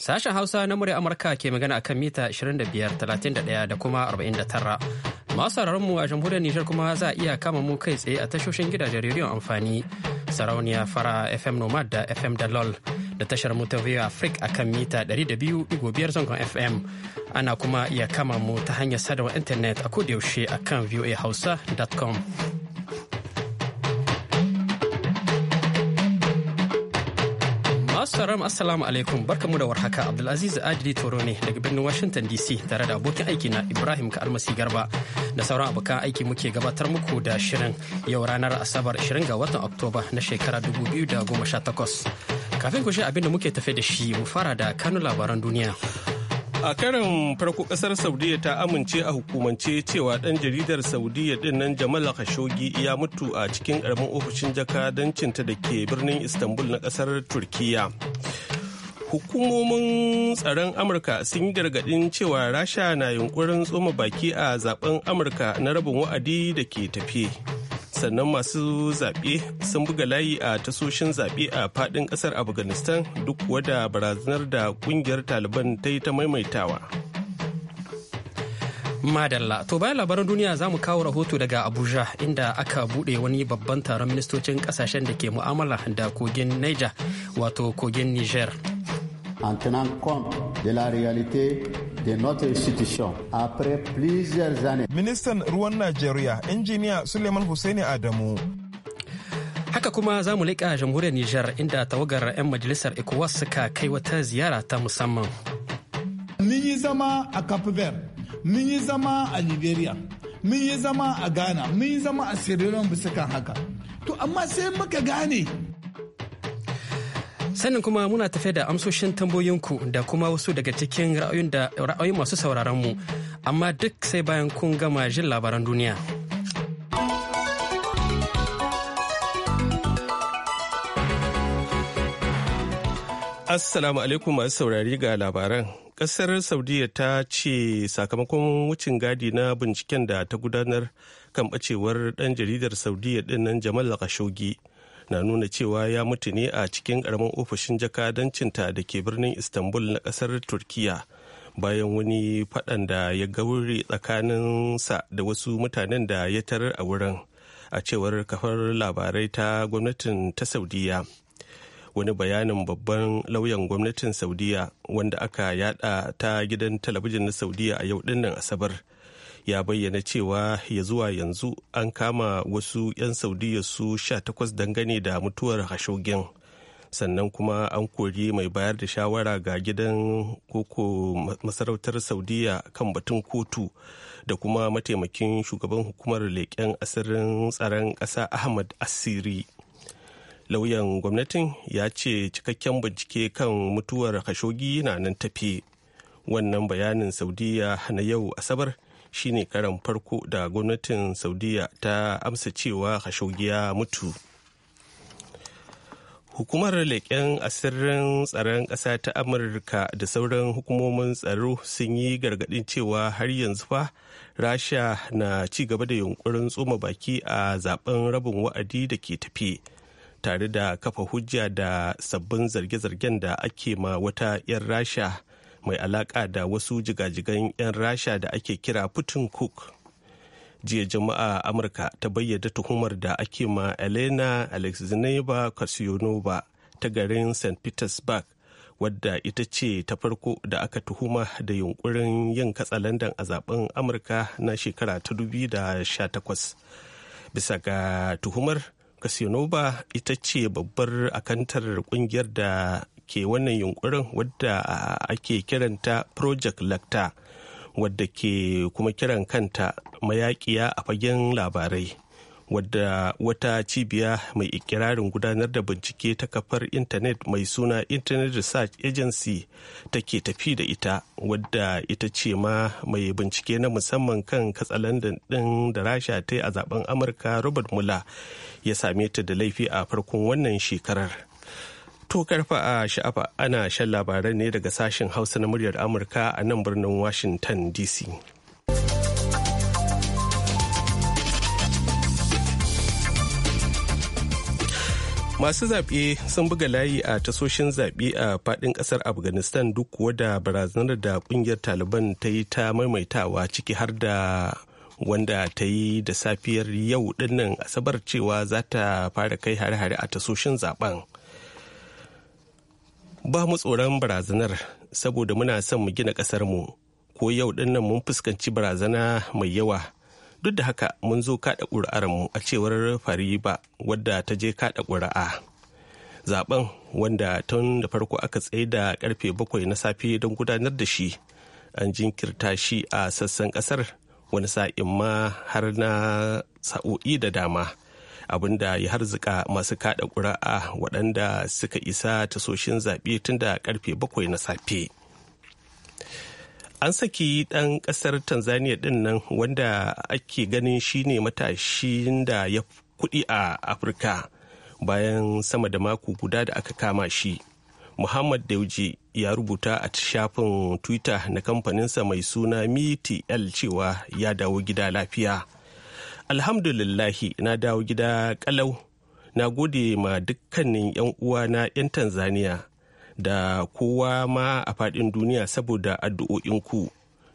Sashen Hausa na murya Amurka ke magana akan mita 25, 31 da kuma 49. Masu mu a jamhuriyar Nijar kuma za a iya kama mu kai tsaye a tashoshin gidajen rediyon amfani sarauniya fara FM Nomad da FM Dalol da tashar mu ta VOA Africa akan mita 200.5 zangon FM. Ana kuma iya kama mu ta hanyar sadarwa intanet a yaushe akan voahausa.com. Assalamu alaikum barkamu da warhaka Abdulaziz Adili Toro ne daga birnin Washington DC tare da abokin aiki na Ibrahim Kalmasi Garba da sauran abokan aiki muke gabatar muku da shirin yau ranar Asabar 20 ga watan Oktoba na shekara 2018. Kafin ku shi abin da muke tafe da shi mu fara da kanu labaran duniya. a karin farko kasar saudiya ta amince a hukumance cewa ɗan jaridar saudiya din nan jamal khashoggi ya mutu a cikin karamin ofishin jakadancinta da ke birnin istanbul na ƙasar Turkiyya. hukumomin tsaron amurka sun yi gargadin cewa rasha na yunkurin tsoma baki a zaben amurka na rabin wa'adi da ke tafiye. sannan masu zaɓe sun buga layi a tasoshin zaɓe a faɗin ƙasar afghanistan duk wada barazanar da ƙungiyar taliban ta yi ta maimaitawa madalla to bayan labaran duniya za mu kawo rahoto daga abuja inda aka buɗe wani babban taron ministocin ƙasashen da ke mu'amala da kogin niger wato kogin niger de notre institution après plusieurs années. Ministan ruwan Najeriya, injiniya Suleiman Hussaini Adamu. Haka kuma za mu leƙa jamhuriyar Nijar inda tawagar 'yan majalisar ECOWAS suka kai wata ziyara ta musamman. Mun yi zama a Cape Verde, mun yi zama a Liberia, mun yi zama a Ghana, mun yi zama a Sierra Leone bisa kan haka. To amma sai muka gane sannan kuma muna tafe da amsoshin tambayoyinku da kuma wasu daga cikin ra'ayoyin masu mu amma duk sai bayan kun gama jin labaran duniya. Assalamu alaikum masu saurari ga labaran. Kasar Saudiya ta ce sakamakon wucin gadi na binciken da ta gudanar kan bacewar ɗan jaridar Saudiya ɗinnan nan Jamal Khashoggi na nuna cewa ya mutu ne a cikin karamin ofishin jakadancinta da ke birnin istanbul na ƙasar turkiya bayan wani faɗan da ya gauri tsakaninsa da wasu mutanen da ya tarar a wurin a cewar kafar labarai ta gwamnatin ta saudiya wani bayanin babban lauyan gwamnatin saudiya wanda aka yada ta gidan talabijin na saudiya a yau dinnan asabar ya bayyana cewa ya zuwa yanzu an kama wasu 'yan saudiya su 18 dangane da mutuwar hashogin sannan kuma an kori mai bayar da shawara ga gidan koko masarautar saudiya kan batun kotu da kuma mataimakin shugaban hukumar leƙen asirin tsaron ƙasa ahmad asiri lauyan gwamnatin ya ce cikakken bincike kan mutuwar hashogi na nan tafi wannan bayanin saudiya na yau asabar shine karan farko da gwamnatin saudiya ta amsa cewa khashoggi ya mutu hukumar leƙen asirin tsaron ƙasa ta amurka da sauran hukumomin tsaro sun yi gargaɗin cewa har yanzu fa rasha na ci gaba da yunkurin tsoma baki a zaben rabin wa'adi da ke tafi tare da kafa hujja da sabbin zarge-zargen da ake ma wata 'yan rasha mai alaƙa da wasu jigajigan 'yan rasha da ake kira putin cook jiya jama'a amurka ta bayyana tuhumar da ake ma elena alexineva kasyonova ta garin st petersburg wadda ita ce ta farko da aka tuhuma da yunkurin yin katsalandan a zaben amurka na shekara ta da 2018 bisa ga tuhumar kasinova ita ce babbar akantar kungiyar da ke wannan yunkurin wadda ake kiranta project lacta wadda ke kuma kiran kanta mayakiya a fagen labarai wadda wata cibiya mai ikirarin gudanar da bincike ta kafar intanet mai suna internet research agency take tafi da ita wadda ita ce ma mai bincike na musamman kan katsalandan din da rasha ta yi a zaben amurka robert mula ya same ta da laifi a farkon wannan shekarar To karfa a sha'afa ana shan labarai ne daga sashen Hausa na muryar Amurka a nan birnin Washington DC. Masu zaɓe sun buga layi a tasoshin zaɓe a faɗin ƙasar Afghanistan duk kuwa da barazanar da ƙungiyar Taliban ta yi ta maimaitawa ciki har da wanda ta yi da safiyar yau ɗinnan asabar cewa za ta fara kai hare-hare a tasoshin zaɓen. ba mu tsoron barazanar saboda muna son mu gina ƙasarmu ko yau dinnan mun fuskanci barazana mai yawa duk da haka mun zo kaɗa mu a cewar fariba wadda ta je kaɗa ƙuri'a zaben wanda tun da farko aka tsaye da karfe bakwai na safe don gudanar da shi an jinkirta shi a sassan ƙasar wani sa'in ma har na sa'o'i da dama abinda ya harzika masu kada ƙuri'a waɗanda suka isa tasoshin zaɓe tun da karfe bakwai na safe an saki ɗan ƙasar tanzania ɗin nan wanda ake ganin shine matashin da ya kuɗi a afirka bayan sama da mako guda da aka kama shi muhammad dauji ya rubuta a shafin twitter na kamfaninsa mai suna miti l cewa ya dawo gida lafiya alhamdulillahi na dawo gida kalau na gode ma dukkanin 'yan uwana 'yan tanzania da kowa ma a fadin duniya saboda addu'o'inku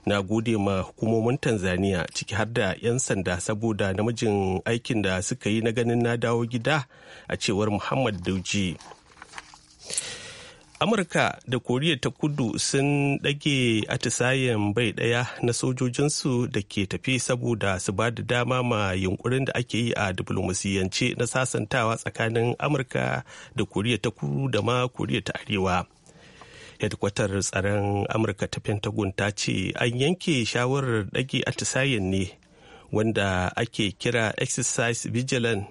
na gode ma hukumomin tanzania ciki har da 'yan sanda saboda namijin aikin da suka yi na ganin na dawo gida a cewar muhammad dauji amurka da koriya ta kudu sun ɗage atisayen bai ɗaya na sojojinsu da ke tafi saboda su ba da dama ma yunkurin da ake yi a diplomasiyance na sasantawa tsakanin amurka da koriya ta kudu da ma koriya ta arewa hedkwatar tsaron amurka ta pentagon ta ce an yanke shawarar ɗage atisayen ne wanda ake kira exercise vigilant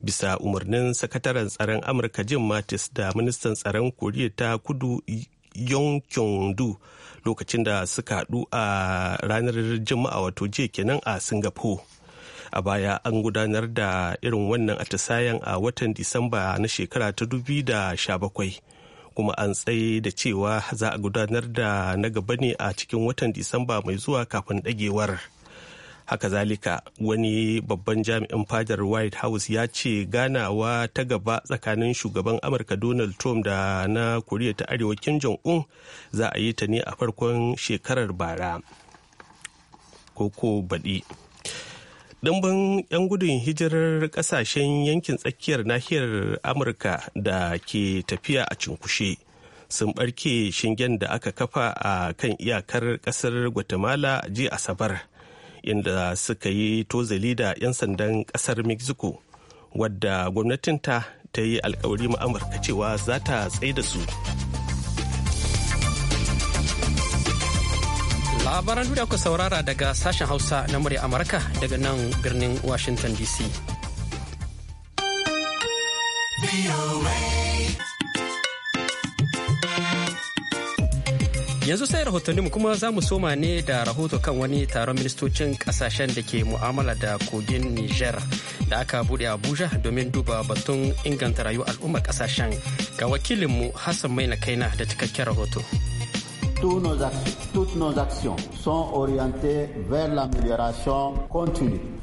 bisa umarnin sakataren tsaron amurka jim mattis da ministan tsaron koriya ta kudu yong kyong lokacin da suka haɗu a ranar juma'a wato jiya kenan a singapore a baya an gudanar da irin wannan atisayen a watan disamba na shekara ta dubi da bakwai kuma an tsaye da cewa za a gudanar da na gaba ne a cikin watan disamba mai zuwa kafin ɗagewar. haka zalika wani babban jami'in fadar white house ya ce ganawa ta gaba tsakanin shugaban amurka donald trump da na koriya ta arewa kim jong-un za a yi ta ne a farkon shekarar bara koko baɗi ɗimbin 'yan gudun hijirar ƙasashen yankin tsakiyar nahiyar amurka da ke tafiya a cinkushe sun barke shingen da aka kafa a kan iyakar ƙasar guatemala jiya asabar inda suka yi tozali da 'yan sandan kasar mexico wadda gwamnatinta ta yi alkawari ma'amurka cewa za ta tsaye da su labaran da ku saurara daga sashen hausa na murya amurka daga nan birnin washington dc yanzu sai mu kuma za mu soma ne da rahoto kan wani taron ministocin kasashen da ke mu'amala da kogin niger da aka bude abuja domin duba batun inganta rayuwar al'ummar kasashen ga wakilinmu hassan maina kaina da cikakken rahoto toutes nos actions sont orientées vers l'amélioration continue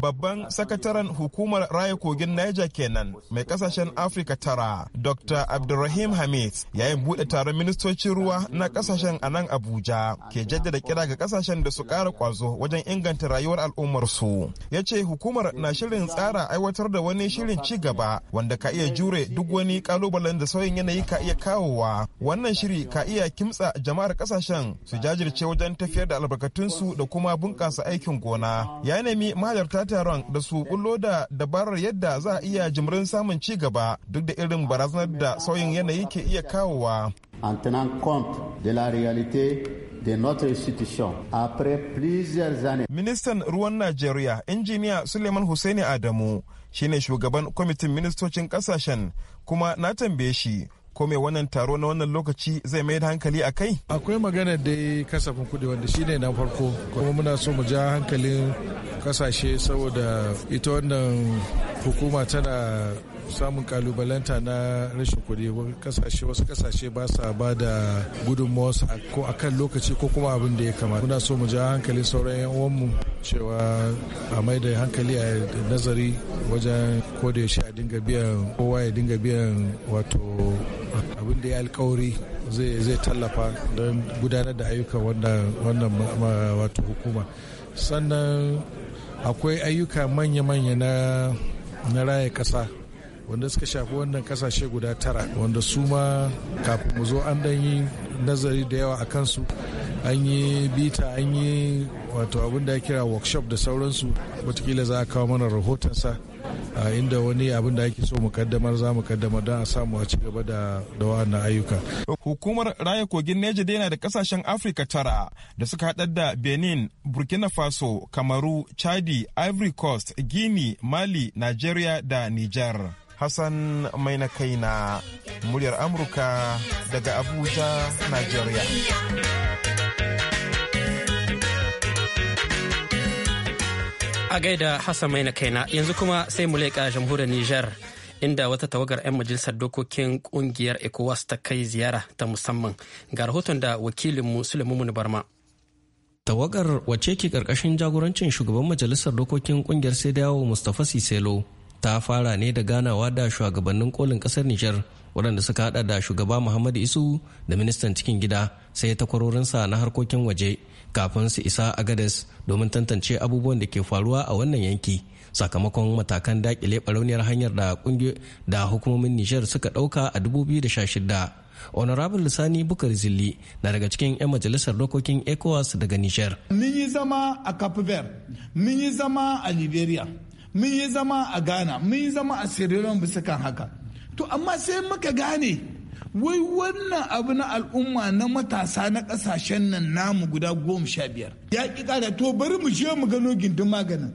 Babban sakataren hukumar raya kogin Niger kenan mai kasashen Afrika tara, Dr. Abdulrahim Hamid yayin buɗe taron ministocin ruwa na kasashen a nan Abuja ke jaddada kira ga kasashen da su ƙara ƙwazo wajen inganta rayuwar al'ummarsu. Ya ce hukumar na shirin tsara aiwatar da wani shirin ci gaba wanda ka iya jure duk wani kalubalen da sauyin yanayi ka iya kawowa. Wannan shiri ka iya kimtsa jama'ar kasashen su jajirce wajen tafiyar da albarkatunsu da kuma bunƙasa aikin gona. ya nemi mahalarta taron da su kullo da dabarar yadda za a iya jimrin samun ci gaba duk da irin barazanar da sauyin yanayi ke iya kawowa. compte de la réalité de notre institution après plusieurs années. Ministan ruwan Najeriya, injiniya Suleiman Hussaini Adamu, shine shugaban kwamitin ministocin kasashen kuma na tambaye shi ko mai wannan taro na wannan lokaci zai mai da hankali a kai? Akwai magana da kasafin kuɗi wanda shine na farko kuma muna so mu ja hankalin kasashe saboda ita wannan hukuma tana samun kalubalanta na rashin kuɗi kasashe wasu kasashe ba sa ba da gudunmawarsu ko a kan lokaci ko kuma abin da ya kamata muna so mu ja hankali sauran yan uwanmu cewa a mai da hankali a nazari wajen ko da yaushe a dinga biyan kowa ya dinga biyan wato abin da ya alkawari zai tallafa don gudanar da ayyukan wannan wato hukuma sannan akwai ayyuka manya-manya na raya ƙasa wanda suka shafi wannan kasashe guda tara wanda su ma kafin mu zo an dan yi nazari da yawa a kansu an yi bita an yi wato abin da ya kira workshop da sauransu watakila za a kawo mana rahotonsa a inda wani abin da ake so mu kaddamar za mu kaddamar don a samu a ci gaba da wa'annan ayyuka. Hukumar raya kogin Neja dai yana da kasashen Afirka tara da suka haɗar da Benin, Burkina Faso, Kamaru, Chadi, Ivory Coast, Guinea, Mali, Nigeria da Niger. Hassan Mainakaina, muryar Amurka daga Abuja, Najeriya. A gaida Hassan mai kaina yanzu kuma sai mu leƙa jamhuriyar Nijar. inda wata tawagar 'yan majalisar dokokin kungiyar ecowas ta kai ziyara ta musamman ga rahoton da wakilinmu suleiman barma tawagar wace ke karkashin jagorancin shugaban majalisar dokokin kungiyar sai dawo mustapha siselo ta fara ne da ganawa da shugabannin kolin kasar Nijar waɗanda suka hada da shugaba Muhammadu Isu da ministan cikin gida sai takwarorinsa na harkokin waje kafin su isa a gadas domin tantance abubuwan da ke faruwa a wannan yanki sakamakon matakan dakile barauniyar hanyar da da hukumomin Nijar suka ɗauka a 2016. Honorable Sani Bukar Zilli na daga cikin 'yan majalisar dokokin ECOWAS daga Nijar. Mun yi zama a Cape Verde, mun yi zama a Liberia, mun yi zama a ghana mun yi zama a sierra bisa kan haka to amma sai muka gane wai wannan abu na al'umma na matasa na kasashen nan namu guda goma sha biyar ya ƙi ƙara to bari mu je mu gano gindin maganin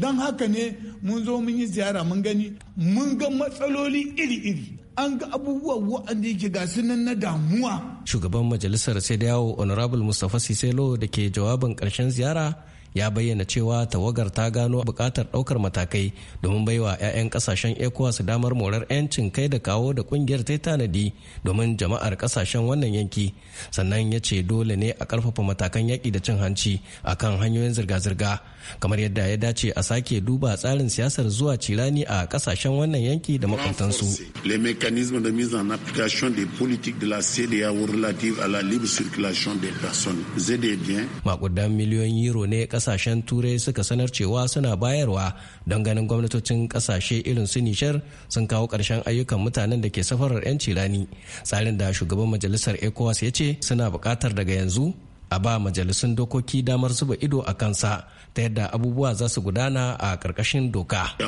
don haka ne mun zo mun yi ziyara mun gani mun ga matsaloli iri-iri an ga abubuwa wa'anda yake ga nan na damuwa shugaban majalisar sai da yawo honorable mustapha siselo da ke jawabin ƙarshen ziyara ya bayyana cewa tawagar ta gano bukatar daukar matakai domin baiwa 'ya'yan kasashen ecowas damar morar 'yancin kai da kawo da kungiyar ta tanadi domin jama'ar kasashen wannan yanki sannan ya ce dole ne a karfafa matakan yaki da cin hanci a kan hanyoyin zirga-zirga kamar yadda ya dace a sake duba tsarin siyasar zuwa cirani a kasashen wannan yanki da makwabtansu. le de mise de la CDAO à la libre circulation des Makudan miliyoyin euro ne kasashen turai suka sanar cewa suna bayarwa don ganin gwamnatocin kasashe irin su nishar sun kawo ƙarshen ayyukan mutanen da ke safarar 'yanci rani tsarin da shugaban majalisar ecowas ya ce suna bukatar daga yanzu a ba majalisun dokoki damar zuba ido a kansa ta yadda abubuwa za su gudana a ƙarƙashin doka.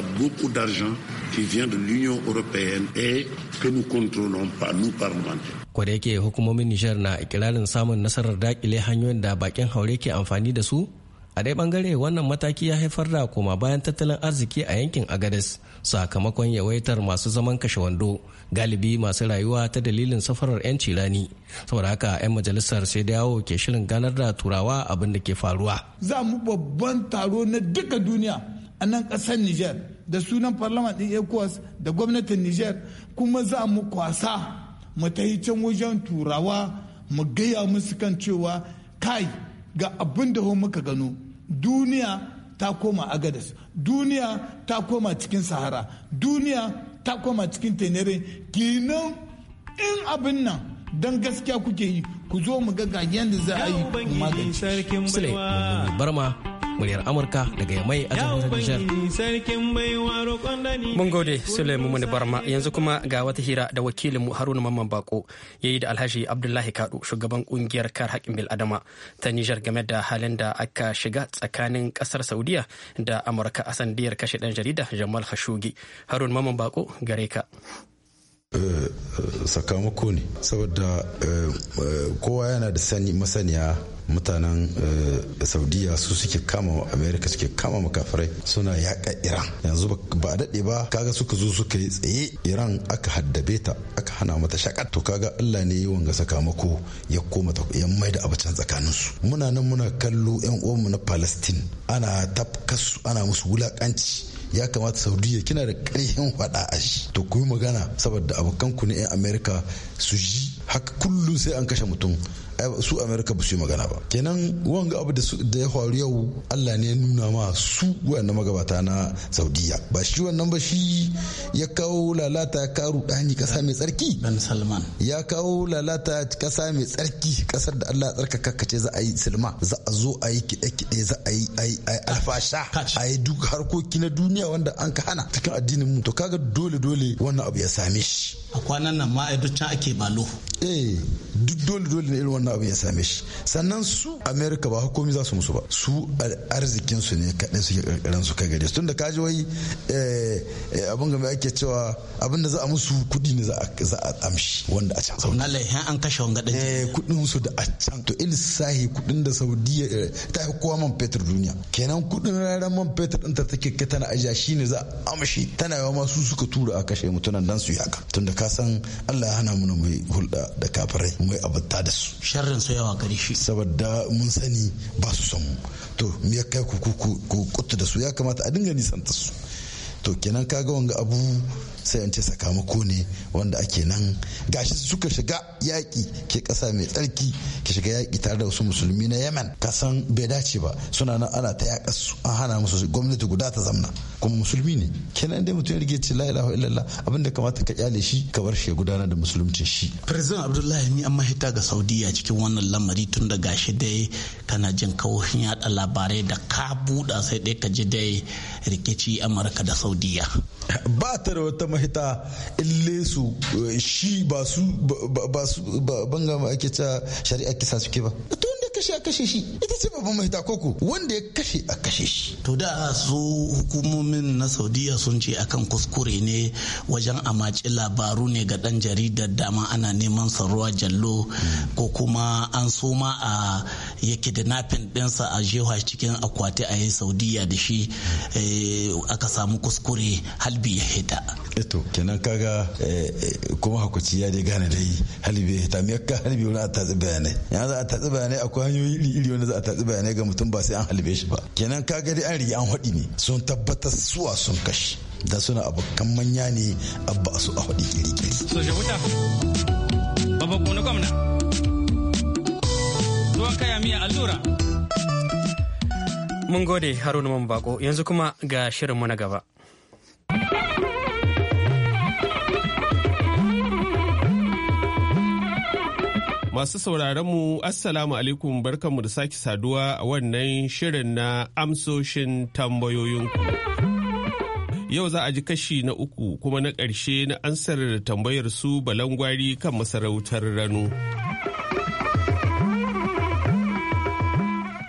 Kwada yake hukumomin Nijar na ikirarin samun nasarar dakile hanyoyin da bakin haure ke amfani da su a dai bangare wannan mataki ya haifar da koma bayan tattalin arziki a yankin agadis sakamakon yawaitar masu zaman kashe wando galibi masu rayuwa ta dalilin safarar 'yanci rani saboda haka 'yan majalisar sai da yawo ke shirin ganar da turawa abin da ke faruwa za mu babban taro na duka duniya a nan ƙasar niger da sunan parliament din ecowas da gwamnatin niger kuma za mu kwasa mu ta can wajen turawa mu gaya musu kan cewa kai ga abin da muka gano duniya ta koma agadas duniya ta koma cikin sahara duniya ta koma cikin tenere kinan in abin nan don gaskiya kuke yi ku zo mu ga yadda za a yi magani. Sule, muryar amurka daga yamai a mun gode sulaimu mani barma yanzu kuma ga wata hira da mu haruna mamman bako ya yi da alhaji abdullahi kadu shugaban kungiyar kar haƙƙin bil'adama ta nijar game da halin da aka shiga tsakanin ƙasar saudiya da amurka a sandiyar kashe ɗan jarida jamal khashoggi harun mamman bako gare ka Eh, eh, sakamako ne saboda eh, kowa yana da sani masaniya mutanen saudiya su suke kama Amerika suke kama makafirai suna yaƙa iran yanzu ba daɗe ba kaga suka zo suka yi tsaye iran aka haddabe ta aka hana mata shakat to kaga allah ne yi wanga sakamako ya koma ta ya mai da abacin tsakanin su muna nan muna kallo yan uwanmu na palestine ana tafkasu ana musu wulaƙanci. ya kamata saudiya kina da ƙarfin faɗa a shi to ku yi magana saboda abokan ku ne 'yan amerika su ji haka kullum sai an kashe mutum su amerika ba su yi magana ba kenan wanga abu da ya faru yau allah ne ya nuna ma su wannan magabata na saudiya ba shi wannan ba shi ya kawo lalata ka rudani kasa mai tsarki ya kawo lalata kasa mai tsarki kasar da Allah tsarkaka kace za a yi silma za a zo a yi kide-kide za a yi alfasha a yi duk harkoki na duniya wanda an ka hana cikin addinin mu to kaga dole dole wannan abu ya same shi a kwanan nan ma can ake balo eh duk dole dole ne irin wannan abu ya same shi sannan su america ba hukumi za su musu ba su arzikin su ne kadai suke karkaran su kai gare su tunda kaji wai eh, eh, abin game ake cewa abin da za a musu kuɗi ne za a amshi wanda a can saudi ya an kashe wanga ɗan eh kuɗin su da a can to sahi kuɗin da saudiya eh, ta fi kowa man fetur duniya kenan kuɗin raran man fetur ɗin ta take kai tana ajiya shine za a amshi tana yawa ma su suka tura a kashe mutunan dan su yi haka tunda ka san Allah ya hana mu mai hulɗa da kafirai mai abuta da su sharrin su yawa gare shi saboda mun sani ba su son mu to me ya kai ku ku ku da su ya kamata a dinga nisan ta su to kenan ka ga wanga abu sai an ce sakamako ne wanda ake nan gashi suka shiga yaƙi ke ƙasa mai tsarki ke shiga yaƙi tare da wasu musulmi na yemen kasan bai dace ba suna nan ana ta yaƙa su an hana musu gwamnati guda ta zamna kuma musulmi ne kenan dai mutum ya rige ce la ilaha illallah abin da kamata ka kyale shi ka bar shi ya gudanar da musulunci shi president abdullahi ni an mahita ga saudiya cikin wannan lamari tun da gashi dai kana jin kawohin yaɗa labarai da ka buɗa sai dai ka ji dai rikici amurka da saudiya ba ta da wata mahita ille su shi ba su ba su banga ma ake ta shari'a kisa suke ba to wanda kashe a kashe shi ita ce babban mahita koko wanda ya kashe a kashe shi to da su hukumomin na saudiya sun ce akan kuskure ne wajen amaci labaru ne ga dan jaridar dama ana neman sarwa jallo ko kuma an soma a ya da dinsa a jewa cikin akwati a yi saudiya da shi eh, aka samu kuskure halbi ya hita eto kenan kaga eh, eh, kuma hakuci ya dai gane dai halibe ta me ka halibe wani a tatsi bayanai za a tatsi bayanai akwai hanyoyi iri iri wanda za a tatsi bayanai ga mutum ba sai an halibe shi ba kenan kaga dai an riga an haɗi ne sun tabbatar suwa sun kashi da suna abokan manya ne abba su a haɗi kiri kiri. soja wuta babba kone gwamna ruwan kaya miya allura. mun gode haruna man bako yanzu kuma ga shirinmu na gaba. Masu mu Assalamu alaikum barkanmu da sake saduwa a wannan shirin na amsoshin tambayoyinku. Yau za a ji kashi na uku kuma na ƙarshe na ansar tambayar su balangwari kan masarautar rano.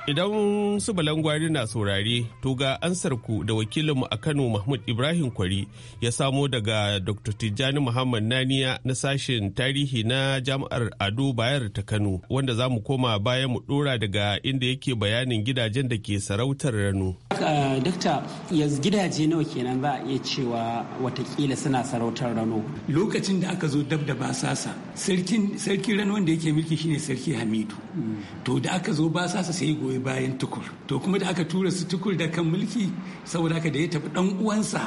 Idan su balangwari na saurare, to ga ansarku da wakilinmu a Kano Mahmud Ibrahim Kwari ya samo daga Dr. Tijjani Muhammad Naniya na sashen tarihi na Jami'ar Ado Bayar ta Kano, wanda za mu koma baya mu dora daga inda yake bayanin gidajen da ke sarautar Rano. dokta yanzu gidaje nawa kenan za a iya cewa watakila suna sarautar Rano. Lokacin da aka zo dab da basasa, sarkin Rano wanda yake mulki shine Sarki Hamidu. Mm. To da aka zo sasa sai goyi bayan tukur to kuma da aka tura su tukur da kan mulki saboda haka da ya tafi dan uwansa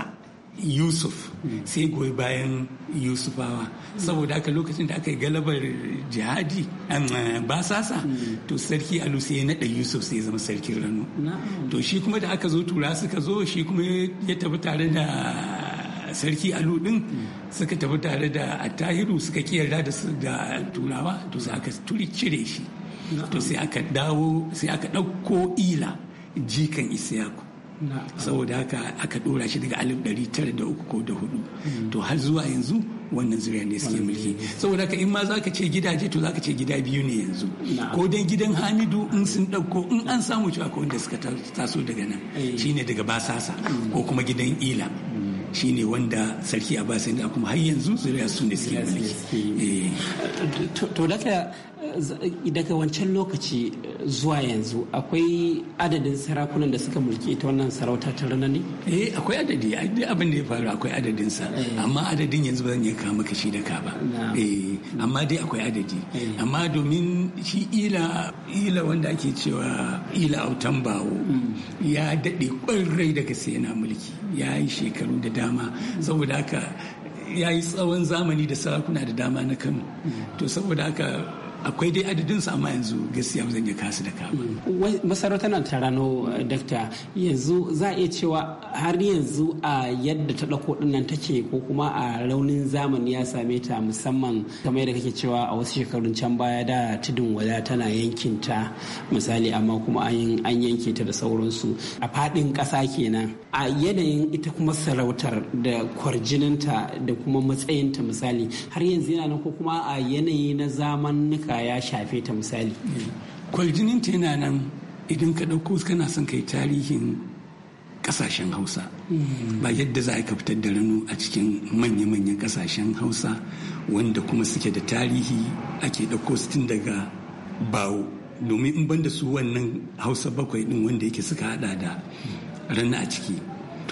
yusuf sai goyi bayan yusufawa saboda haka lokacin da aka yi galabar jihadi eh, sasa to sarki alu sai ya naɗa yusuf sai zama sarkin rano to shi kuma da aka zo tura suka zo shi kuma ya tafi tare da sarki alu din suka tafi tare da attahiru suka kiyarda da turawa to za ka turi cire shi to sai aka dawo sai aka ɗauko ila jikan isiyaku saboda haka aka ɗora shi daga alif ɗari tara da uku ko da hudu to har zuwa yanzu wannan zuriya ne suke mulki saboda haka in ma za ka ce gidaje to za ka ce gida biyu ne yanzu ko dan gidan hamidu in sun ɗauko in an samu cewa ko wanda suka taso daga nan eh. shine daga basasa ko kuma gidan ila mm. shine wanda sarki abbas ya kuma har yanzu zuriya su ne suke mulki eh. to daga daga wancan lokaci zuwa yanzu akwai adadin sarakunan da suka mulki ta wannan sarauta ta rana ne? eh akwai adadi abin da ya faru akwai adadinsa eh. amma adadin yanzu ba zan iya kama kashi da ka ba eh amma dai akwai adadi eh. amma domin shi ila ila wanda ake cewa ila autan bawo hmm. ya daɗe ƙwarai daga sai yana mulki ya yi shekaru da dama saboda haka ya yi tsawon zamani da sarakuna da dama na kano to saboda haka akwai dai adadin su amma yanzu gaskiya zan iya kasu da kama masarautar nan ta rano eh, dakta yanzu za a iya cewa har yanzu a yadda ta ɗauko ɗinnan take ko kuma a raunin zamani ya same ta musamman kamar yadda kake cewa a wasu shekarun can baya da tudun wada tana yankin ta misali amma kuma an yanke ta da sauransu a faɗin ƙasa kenan a yanayin ita kuma sarautar da kwarjininta da kuma matsayinta misali har yanzu yana nan ko kuma a yanayi na zamanin ɗauka ya shafe ta misali kwaljinin ta yana nan idan ka ɗauko kana son kai tarihin ƙasashen hausa ba yadda za a fitar da rano a cikin manya-manyan ƙasashen hausa wanda kuma suke da tarihi ake ɗauko su tun daga bawo domin in banda su wannan hausa bakwai ɗin wanda yake suka haɗa da rana a ciki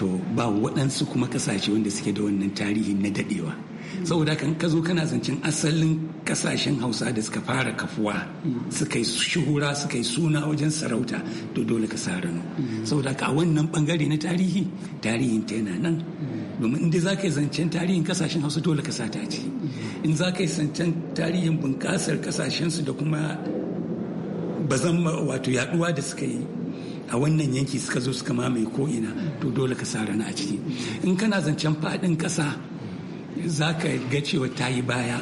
to ba waɗansu kuma kasashe wanda suke da wannan tarihi na daɗewa saboda kan ka zo kana zancen asalin kasashen hausa da suka fara kafuwa suka yi shuhura suka yi suna wajen sarauta to dole ka sa rano saboda ka a wannan bangare na tarihi tarihin ta yana nan domin inda za ka yi zancen tarihin kasashen hausa dole ka sa ta ce in za ka yi zancen tarihin bunƙasar kasashensu da kuma bazan wato yaduwa da suka yi a wannan yanki suka zo suka mamaye ko ina to dole ka sa rana a ciki in kana zancen faɗin ƙasa za ka ga cewa ta yi baya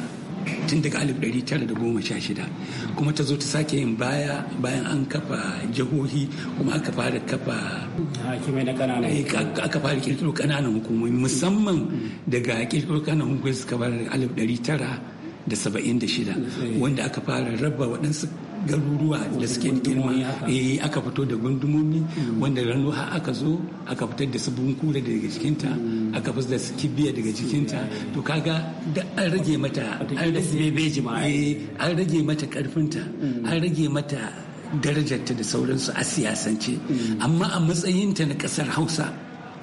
tun daga 1916 kuma ta zo ta sake yin baya bayan an kafa jihohi kuma aka fara kafa hakimai na kananan eh, aka fara kirkiro kananan hukumomi musamman daga kirkiro kananan hukumomi suka bar 1900 da saba'in da shida wanda aka fara raba waɗansu garuruwa da suke girma eh aka fito da gundumomi mm. wanda rano har aka zo aka fitar da su bunkura daga jikinta mm. aka fitar da su kibiya daga jikinta to kaga da an rage mata an eh, An rage mata karfinta mm. an rage mata darajarta da sauransu a siyasance amma a matsayinta na kasar hausa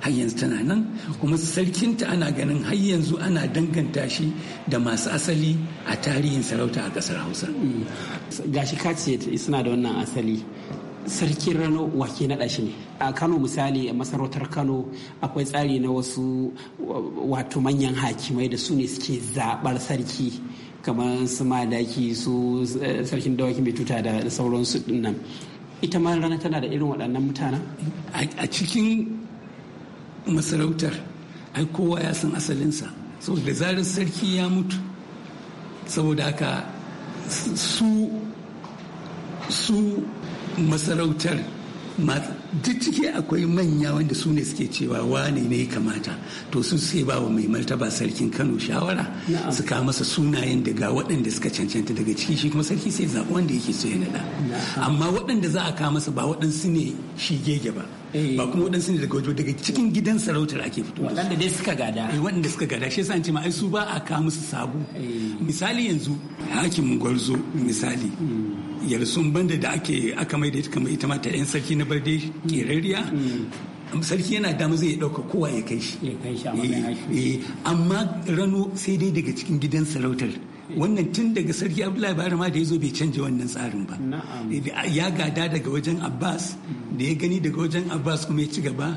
har yanzu tana nan kuma sarkinta ana ganin har yanzu ana danganta shi da masu asali a tarihin sarauta a kasar hausa mm. gashi shi ce suna da wannan asali sarkin rano wake na shi ne a kano misali a masarautar kano akwai tsari na wasu wato manyan hakimai da su ne suke zaɓar sarki kamar su madaki su eh, sarkin dawaki mai tuta da sauransu dinnan ita ma rana tana da irin waɗannan mutanen a cikin masarautar ai kowa ya san asalinsa saboda zarar sarki ya mutu saboda haka su su masarautar duk ciki akwai manya wanda su ne suke cewa wane ne ya kamata to su sai ba wa mai martaba sarkin kano shawara su kawo masa sunayen daga waɗanda suka cancanta daga ciki shi kuma sarki sai zaɓi wanda yake so ya naɗa amma waɗanda za a kawo masa ba waɗansu ne shi gege ba eh. ba kuma waɗansu ne daga wajen daga cikin gidan sarautar ake fito waɗanda dai suka gada eh waɗanda suka gada shi yasa an ce ma ai su ba a kawo musu sabu eh. misali yanzu hakimin gwarzo misali hmm. yalsun banda da ake aka mai da ita kamar ita ma 'yan sarki na barde kerariya mm. sarki yana dama zai ɗauka kowa ya kai shi eh, eh, amma rano sai dai daga cikin gidan sarautar wannan tun daga sarki abdullahi bari ma da ya zo bai canja wannan tsarin ba eh, ya gada daga wajen abbas da ya gani daga wajen abbas kuma ya ci gaba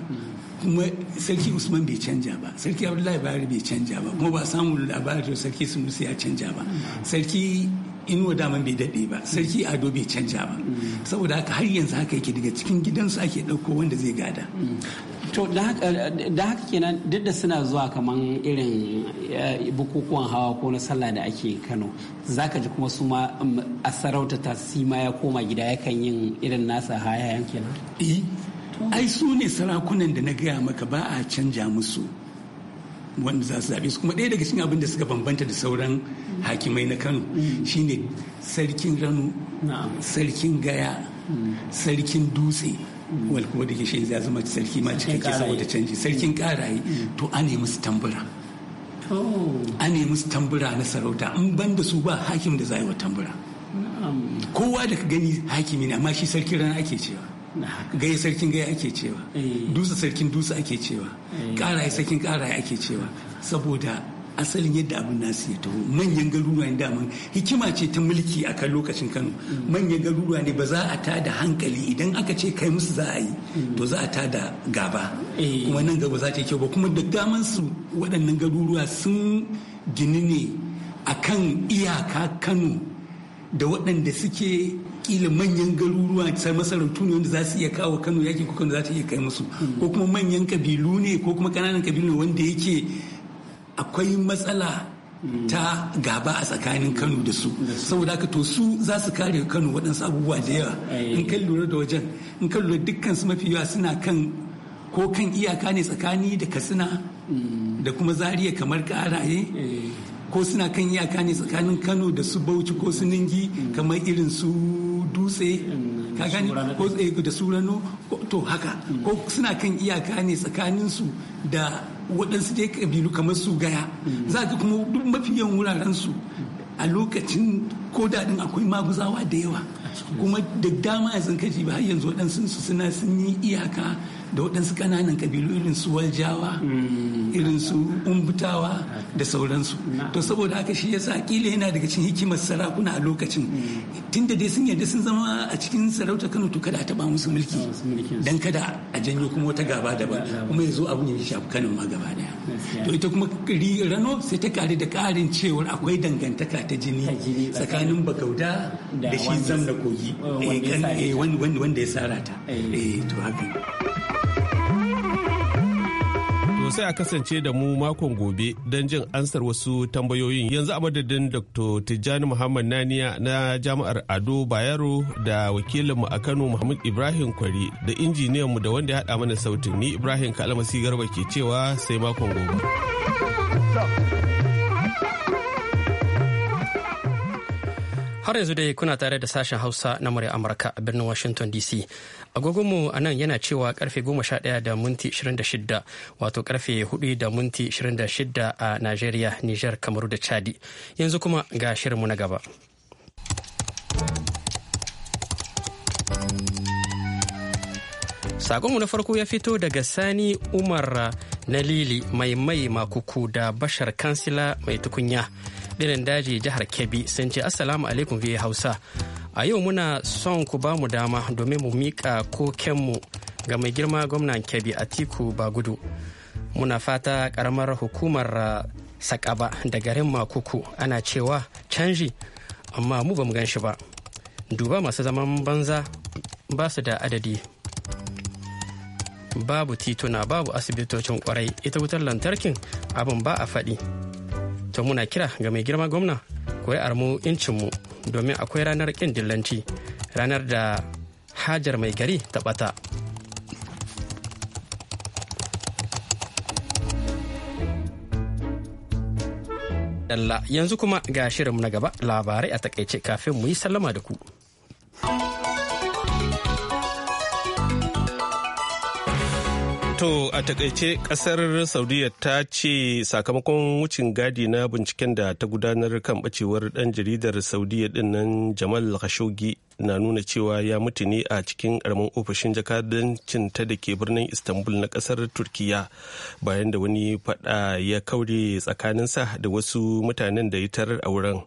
kuma sarki usman bai canja ba sarki abdullahi bari bai canja ba kuma ba samun labarin sarki sunusi ya canja ba sarki inuwa daman bai daɗe ba sarki ado bai canja ba saboda haka har yanzu haka yake daga cikin gidansu ake ɗauko wanda zai gada to da haka kenan duk da suna zuwa kamar irin eh, bukukuwan hawa ko na sallah da ake kano zaka ji kuma su ma um, a sarauta ta ma ya koma gida yakan yin irin nasa hayayen kenan eh. ai su ne sarakunan da na gaya maka ba a canja musu wanda za su zaɓe su kuma ɗaya daga cikin abin da suka bambanta da sauran hakimai na kano mm. shine sarkin rano sarkin gaya mm. sarkin dutse mm. wal kuma da ke shi ya zama sarki ma cikakke saboda canji sarkin karaye to a nemi su tambura oh. a nemi su tambura na sarauta in ban da su ba hakim da za yi wa tambura kowa da ka gani hakimi ne amma shi sarkin rana ake cewa gai sarkin gai ake cewa eh. dusa sarkin dusa ake cewa karaye eh. sarkin karaye ake cewa saboda asalin yadda abin nasu ya taho manyan garuruwa ne daman hikima ce ta mulki a kan lokacin kano hmm. manyan garuruwa ne ba za a ta da hankali idan aka ce kai musu za a yi hmm. to za a ta da gaba eh. kuma nan gaba za ta kyau ba kuma da daman su waɗannan garuruwa sun gini ne akan iyaka kano da waɗanda suke kila manyan garuruwa sai masarautu ne wanda za su iya kawo kano yaƙi ko kano za ta iya kai musu ko kuma manyan kabilu ne ko kuma ƙananan kabilu ne wanda yake akwai matsala ta gaba a tsakanin kano da su saboda haka to su za su kare kano waɗansu abubuwa da yawa eh. in kan lura da wajen in kan lura dukkan su mafi yawa suna kan ko kan iyaka ne tsakani da katsina mm. da kuma zariya kamar karaye eh. ko suna kan iyaka ne tsakanin kano da su bauchi ko su ningi mm. kamar irin su dutse ka gani ko eh, da surano to haka mm. ko suna kan iyaka ne tsakaninsu da waɗansu dai kabilu kamar su gaya mm. za ka kuma duk mafi yawan wuraren su a lokacin ko daɗin akwai maguzawa da yawa kuma da dama yanzu kaji ba har yanzu waɗansu suna sun yi iyaka da waɗansu ƙananan ƙabilu irin su waljawa mm. irin su umbutawa da sauransu to saboda haka shi yasa kila yana daga cikin hikimar sarakuna a lokacin mm. tunda dai sun yarda sun zama a cikin sarauta kano to kada a taɓa musu mulki dan kada a janyo kuma wata gaba daban kuma ya zo abin ya shafi kano ma gaba daya to ita kuma rano sai ta kare da ƙarin cewar akwai dangantaka ta jini tsakanin bagauda da shi zamna kogi wanda ya eh, eh, sarata eh. to haka To sai a kasance da mu makon gobe don jin ansar wasu tambayoyin yanzu a madadin Dr. Tijjani Muhammad Naniya na Jami'ar Ado Bayero da wakilinmu a Kano Muhammad Ibrahim Kwari da injiniyanmu da wanda ya haɗa mana sautin ni Ibrahim Kalmasi Garba ke cewa sai makon gobe. har yanzu dai kuna tare da sashen hausa na murya amurka a birnin washington dc agogonmu a nan yana cewa karfe 11 da minti 26 wato karfe 4 da minti 26 a nigeria niger kamaru da chadi yanzu kuma ga shirinmu na gaba sakonmu na farko ya fito daga sani umar na lili mai mai makuku da bashar kansila mai tukunya birin daji jihar kebbi sun ce assalamu alaikum biyu hausa a yau muna son ku ba mu dama domin mu miƙa kokenmu ga mai girma gwamnan kebbi ba gudu muna fata karamar hukumar uh, sakaba da garin makuku ana cewa canji amma mu ba mu gan shi ba duba masu zaman banza ba su da adadi babu tituna babu asibitocin kwarai ita wutar lantarkin abin ba a faɗi to muna kira ga mai girma gwamna ko ya armu incinmu domin akwai ranar ƙin dillanci ranar da hajar mai gari ta ɓata yanzu kuma ga shirin na gaba labarai a takaice kafin mu yi sallama da ku. To a takaice kasar Saudiya ta ce sakamakon wucin gadi na binciken da ta gudanar kan bacewar dan jaridar Saudiya dinnan Jamal Khashoggi na nuna cewa ya mutu ne a cikin karamin ofishin jakadancin ta da ke birnin Istanbul na kasar Turkiya bayan da wani fada ya kaure sa da wasu mutanen da ya tarar a wurin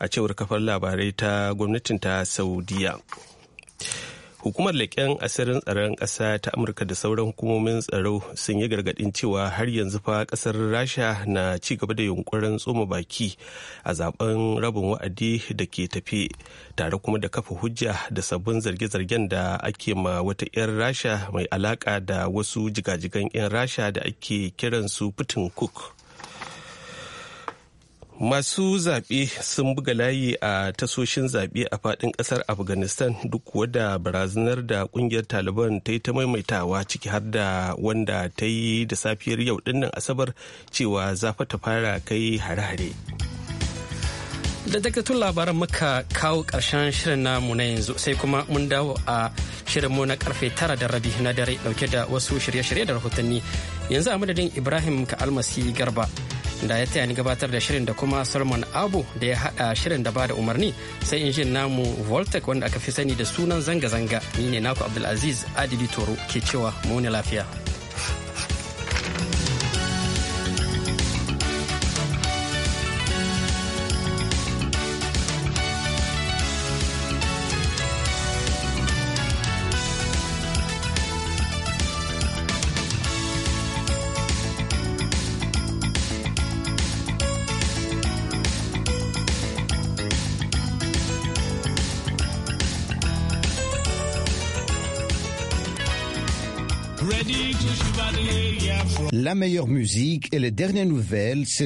a cewar kafar labarai ta gwamnatin ta Saudiya. hukumar leƙen asirin tsaron ƙasa ta amurka da sauran hukumomin tsaro sun yi gargaɗin cewa har yanzu fa ƙasar rasha na ci gaba da yunkurin tsoma baki a zaben rabin wa'adi da ke tafe tare kuma da kafa hujja da sabbin zarge-zargen da ake ma wata 'yan rasha mai alaƙa da wasu jigajigan 'yan rasha da ake kiransu putin cook masu zaɓe sun buga layi a tasoshin zaɓe a faɗin ƙasar afghanistan duk wadda barazanar da ƙungiyar taliban ta yi ta maimaitawa ciki har da wanda ta yi da safiyar yau dinnan asabar cewa zafa ta fara kai hare-hare da takaitun labaran muka kawo ƙarshen shirin namu na yanzu sai kuma mun dawo a shirinmu na karfe tara da rabi na dare dauke da wasu shirye-shirye da rahotanni yanzu a madadin ibrahim ka almasi garba da ya taya ni gabatar da shirin da kuma solomon abu da ya hada shirin da ba da umarni sai injin namu voltec wanda aka fi sani da sunan zanga-zanga ni ne naku abdulaziz adili toro ke cewa mu ne lafiya la meilleure musique et les dernières nouvelles, c'est